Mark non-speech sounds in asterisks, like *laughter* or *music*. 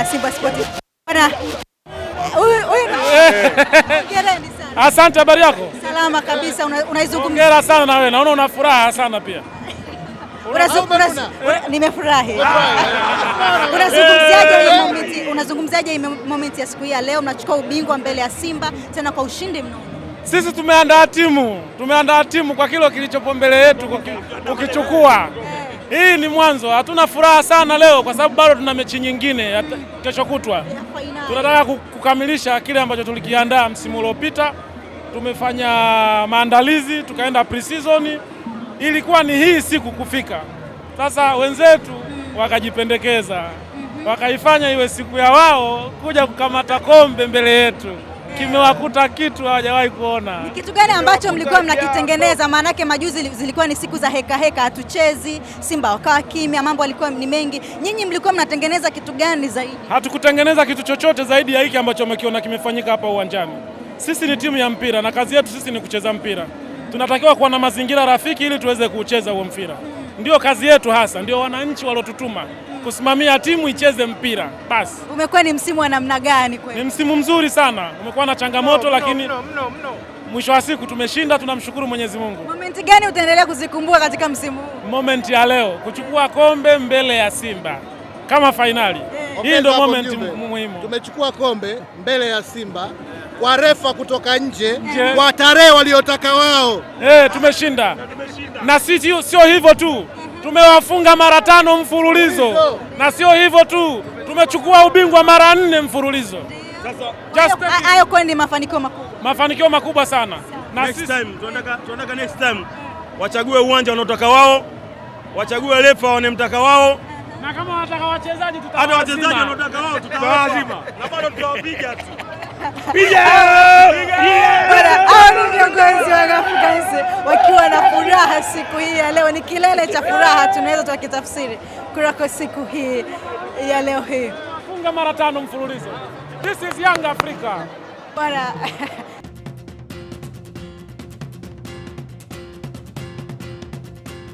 ya Simba Sports. Bwana huyu huyu Asante, habari yako? Salama kabisa. Unaizungumza. Hongera sana na wewe. Naona una furaha sana pia. *laughs* Nimefurahi. *laughs* Unazungumzaje moment ya siku hii ya leo, mnachukua ubingwa mbele ya Simba tena kwa ushindi mnono? Sisi tumeandaa timu, tumeandaa timu kwa kilo kilichopo mbele yetu kukichukua hii ni mwanzo. Hatuna furaha sana leo kwa sababu bado tuna mechi nyingine kesho kutwa. Tunataka kukamilisha kile ambacho tulikiandaa msimu uliopita. Tumefanya maandalizi, tukaenda pre-season, ilikuwa ni hii siku kufika. Sasa wenzetu wakajipendekeza, mhm. wakaifanya iwe siku ya wao kuja kukamata kombe mbele yetu kimewakuta kitu hawajawahi kuona. Ni kitu gani ambacho mlikuwa mnakitengeneza? Maanake majuzi zilikuwa ni siku za heka heka, hatuchezi, Simba wakawa kimya, mambo yalikuwa ni mengi. Nyinyi mlikuwa mnatengeneza kitu gani zaidi? Hatukutengeneza kitu chochote zaidi ya hiki ambacho mmekiona kimefanyika hapa uwanjani. Sisi ni timu ya mpira na kazi yetu sisi ni kucheza mpira. Tunatakiwa kuwa na mazingira rafiki ili tuweze kuucheza huo mpira. Ndio kazi yetu hasa, ndio wananchi walotutuma kusimamia timu icheze mpira. Basi umekuwa ni msimu wa namna gani kweli? Ni msimu mzuri sana, umekuwa na changamoto no, lakini no, no, no. Mwisho wa siku tumeshinda, tunamshukuru Mwenyezi Mungu. Moment gani utaendelea kuzikumbuka katika msimu huu? Moment ya leo kuchukua kombe mbele ya Simba kama fainali yeah. Hii ndio moment muhimu, tumechukua kombe mbele ya Simba kwa refa kutoka nje yeah. Kwa tarehe waliotaka wao yeah, tumeshinda na sisi sio hivyo tu, tumewafunga mara tano mfululizo, na sio hivyo tu, tumechukua ubingwa mara nne mfululizo. Hayo kweli mafanikio makubwa, mafanikio makubwa sana. Na next time tunataka tunataka next time wachague uwanja wanaotaka wao, wachague lefa wanemtaka wao na kama wanataka wachezaji tutawapa, hata wachezaji wanaotaka wao tutawapa na bado tutawapiga tu. Piga! *laughs* Piga! ni kilele cha furaha, tunaweza tukakitafsiri kunako siku hii ya leo hii. Funga mara tano mfululizo. This is Young Africa. Bora. *laughs*